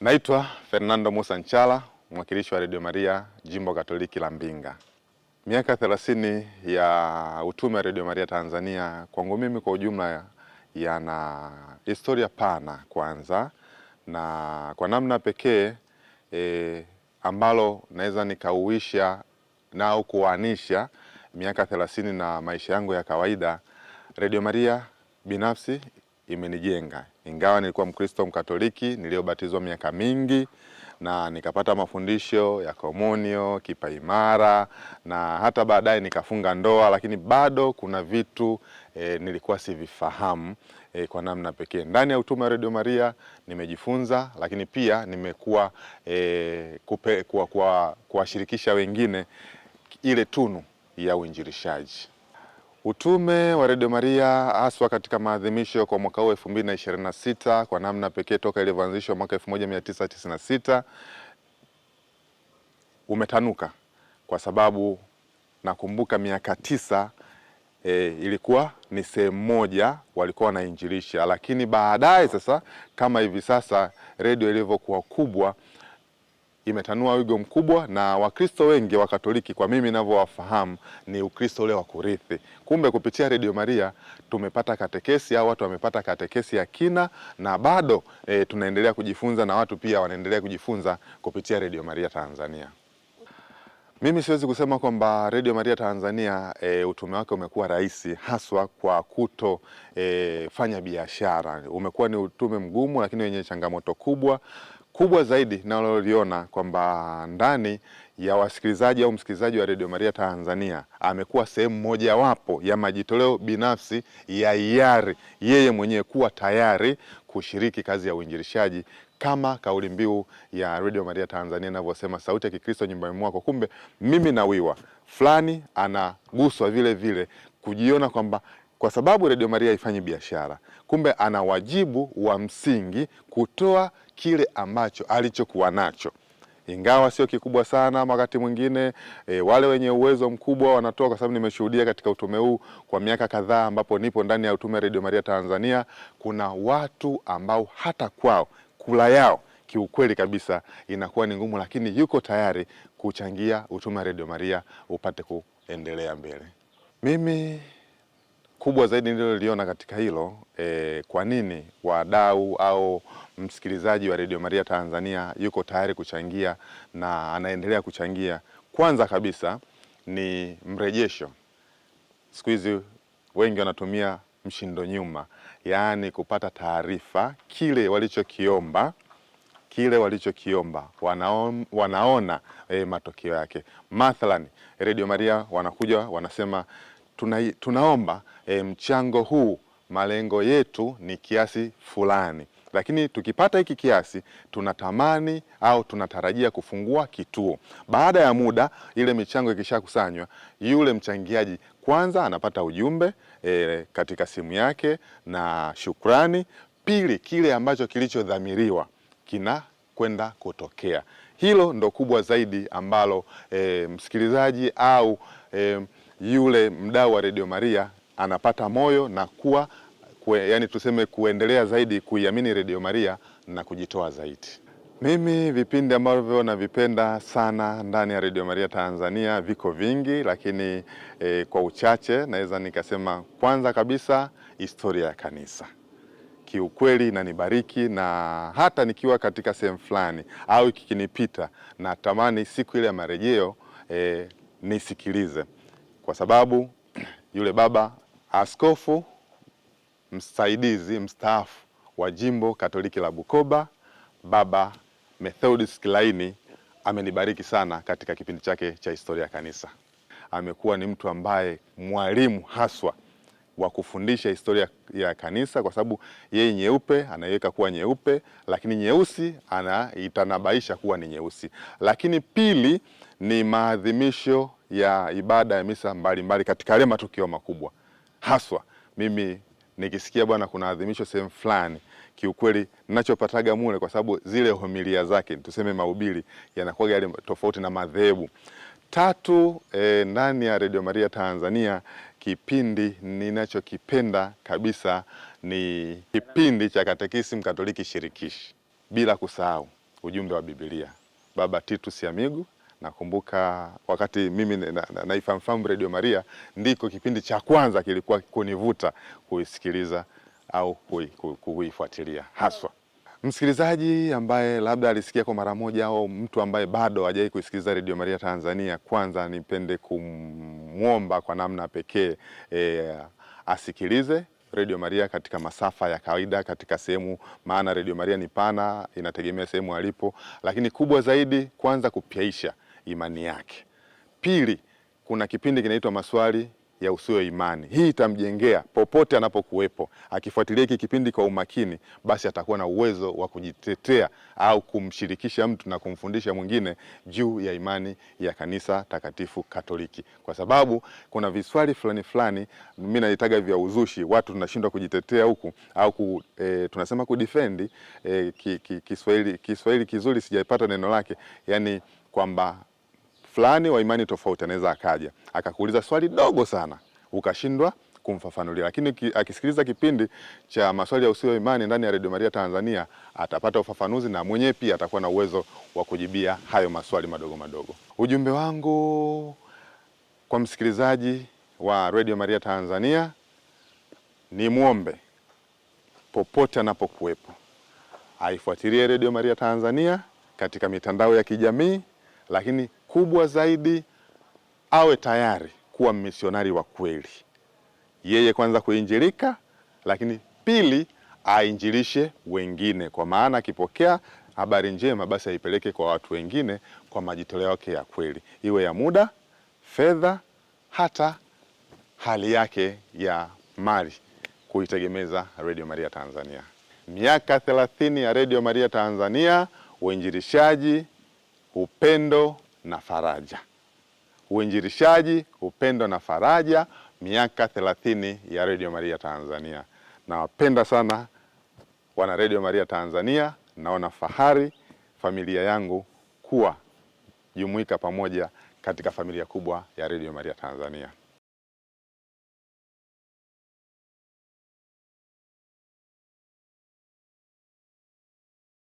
Naitwa Fernando Musa Nchala, mwakilishi wa Radio Maria Jimbo Katoliki la Mbinga. Miaka thelathini ya utume wa Radio Maria Tanzania kwangu mimi kwa ujumla yana historia pana kwanza, na kwa namna pekee e, ambalo naweza nikauisha na au kuanisha miaka thelathini na maisha yangu ya kawaida. Radio Maria binafsi imenijenga. Ingawa nilikuwa Mkristo Mkatoliki niliyobatizwa miaka mingi na nikapata mafundisho ya komunio, kipaimara na hata baadaye nikafunga ndoa, lakini bado kuna vitu e, nilikuwa sivifahamu e, kwa namna pekee. Ndani ya utume wa Radio Maria nimejifunza, lakini pia nimekuwa e, kuwashirikisha wengine ile tunu ya uinjilishaji. Utume wa Redio Maria haswa katika maadhimisho kwa mwaka huu 2026 kwa namna pekee toka ilivyoanzishwa mwaka 1996 umetanuka kwa sababu nakumbuka miaka tisa e, ilikuwa ni sehemu moja walikuwa wanainjilisha, lakini baadaye sasa kama hivi sasa redio ilivyokuwa kubwa imetanua wigo mkubwa, na Wakristo wengi wa Katoliki kwa mimi ninavyowafahamu ni Ukristo ule wa kurithi. Kumbe kupitia Radio Maria tumepata katekesi au watu wamepata katekesi ya kina, na bado e, tunaendelea kujifunza na watu pia wanaendelea kujifunza kupitia Radio Maria Tanzania. Mimi siwezi kusema kwamba Radio Maria Tanzania e, utume wake umekuwa rahisi, haswa kwa kuto e, fanya biashara. Umekuwa ni utume mgumu, lakini wenye changamoto kubwa kubwa zaidi naloliona kwamba ndani ya wasikilizaji au msikilizaji wa Radio Maria Tanzania amekuwa sehemu mojawapo ya majitoleo binafsi ya hiari yeye mwenyewe kuwa tayari kushiriki kazi ya uinjilishaji kama kauli mbiu ya Radio Maria Tanzania inavyosema, sauti ya Kikristo nyumbani mwako. Kumbe mimi nawiwa fulani anaguswa vile vile kujiona kwamba kwa sababu Radio Maria haifanyi biashara, kumbe ana wajibu wa msingi kutoa kile ambacho alichokuwa nacho, ingawa sio kikubwa sana. Wakati mwingine e, wale wenye uwezo mkubwa wanatoa, kwa sababu nimeshuhudia katika utume huu kwa miaka kadhaa, ambapo nipo ndani ya utume wa Radio Maria Tanzania, kuna watu ambao hata kwao kula yao kiukweli kabisa inakuwa ni ngumu, lakini yuko tayari kuchangia utume wa Radio Maria upate kuendelea mbele. Mimi kubwa zaidi nililoliona katika hilo e, kwa nini wadau au msikilizaji wa Radio Maria Tanzania yuko tayari kuchangia na anaendelea kuchangia? Kwanza kabisa ni mrejesho. Siku hizi wengi wanatumia mshindo nyuma, yaani kupata taarifa kile walichokiomba kile walichokiomba wanaona, wanaona eh, e, matokeo yake. Mathalani Radio Maria wanakuja wanasema tuna, tunaomba e, mchango huu malengo yetu ni kiasi fulani, lakini tukipata hiki kiasi tunatamani au tunatarajia kufungua kituo. Baada ya muda, ile michango ikishakusanywa, yule mchangiaji kwanza anapata ujumbe e, katika simu yake na shukrani. Pili, kile ambacho kilichodhamiriwa kina kwenda kutokea. Hilo ndo kubwa zaidi ambalo e, msikilizaji au e, yule mdau wa Radio Maria anapata moyo na kuwa kwe, yani tuseme kuendelea zaidi kuiamini Radio Maria na kujitoa zaidi. Mimi vipindi ambavyo navipenda sana ndani ya Radio Maria Tanzania viko vingi, lakini e, kwa uchache naweza nikasema, kwanza kabisa historia ya kanisa kiukweli inanibariki na hata nikiwa katika sehemu fulani au kikinipita, natamani siku ile ya marejeo e, nisikilize kwa sababu yule baba askofu msaidizi mstaafu wa jimbo Katoliki la Bukoba, Baba Methodius Kilaini amenibariki sana katika kipindi chake cha historia ya kanisa. Amekuwa ni mtu ambaye mwalimu haswa wa kufundisha historia ya kanisa, kwa sababu yeye nyeupe anaiweka kuwa nyeupe, lakini nyeusi anaitanabaisha kuwa ni nyeusi. Lakini pili ni maadhimisho ya ibada ya misa mbalimbali katika yale matukio makubwa. Haswa mimi nikisikia bwana, kuna adhimisho sehemu fulani, kiukweli nachopataga mule, kwa sababu zile homilia zake tuseme mahubiri yanakuwa yale tofauti na madhehebu. Tatu, E, ndani ya Radio Maria Tanzania Kipindi ninachokipenda kabisa ni kipindi cha Katekisimu Katoliki Shirikishi, bila kusahau ujumbe wa Biblia. Baba Titus migu nakumbuka wakati mimi naifahamu na, na Radio Maria, ndiko kipindi cha kwanza kilikuwa kunivuta kuisikiliza au kuifuatilia haswa. Msikilizaji ambaye labda alisikia kwa mara moja au mtu ambaye bado hajawahi kuisikiliza Radio Maria Tanzania, kwanza nipende kumwomba kwa namna pekee e, asikilize Radio Maria katika masafa ya kawaida katika sehemu, maana Radio Maria ni pana, inategemea sehemu alipo, lakini kubwa zaidi, kwanza kupyaisha imani yake. Pili, kuna kipindi kinaitwa maswali ya usio imani. Hii itamjengea popote anapokuwepo, akifuatilia hiki kipindi kwa umakini, basi atakuwa na uwezo wa kujitetea au kumshirikisha mtu na kumfundisha mwingine juu ya imani ya kanisa takatifu Katoliki, kwa sababu kuna viswali fulani fulani, mimi naitaga vya uzushi, watu tunashindwa kujitetea huku au ku, e, tunasema kudefend e, ki, ki, Kiswahili Kiswahili kizuri sijaipata neno lake, yani kwamba fulani wa imani tofauti anaweza akaja akakuuliza swali dogo sana ukashindwa kumfafanulia, lakini akisikiliza kipindi cha maswali ya usio imani ndani ya Radio Maria Tanzania atapata ufafanuzi na mwenyewe pia atakuwa na uwezo wa kujibia hayo maswali madogo madogo. Ujumbe wangu kwa msikilizaji wa Radio Maria Tanzania ni muombe popote anapokuwepo, aifuatilie Radio Maria Tanzania katika mitandao ya kijamii, lakini kubwa zaidi, awe tayari kuwa misionari wa kweli, yeye kwanza kuinjilika, lakini pili ainjilishe wengine, kwa maana akipokea habari njema basi aipeleke kwa watu wengine kwa majitoleo yake ya kweli, iwe ya muda, fedha, hata hali yake ya mali. Kuitegemeza Radio Maria Tanzania, miaka thelathini ya Radio Maria Tanzania, uinjilishaji, upendo na faraja. Uinjilishaji, upendo na faraja, miaka thelathini ya Radio Maria Tanzania. Nawapenda sana wana Radio Maria Tanzania. Naona fahari familia yangu kuwa jumuika pamoja katika familia kubwa ya Radio Maria Tanzania.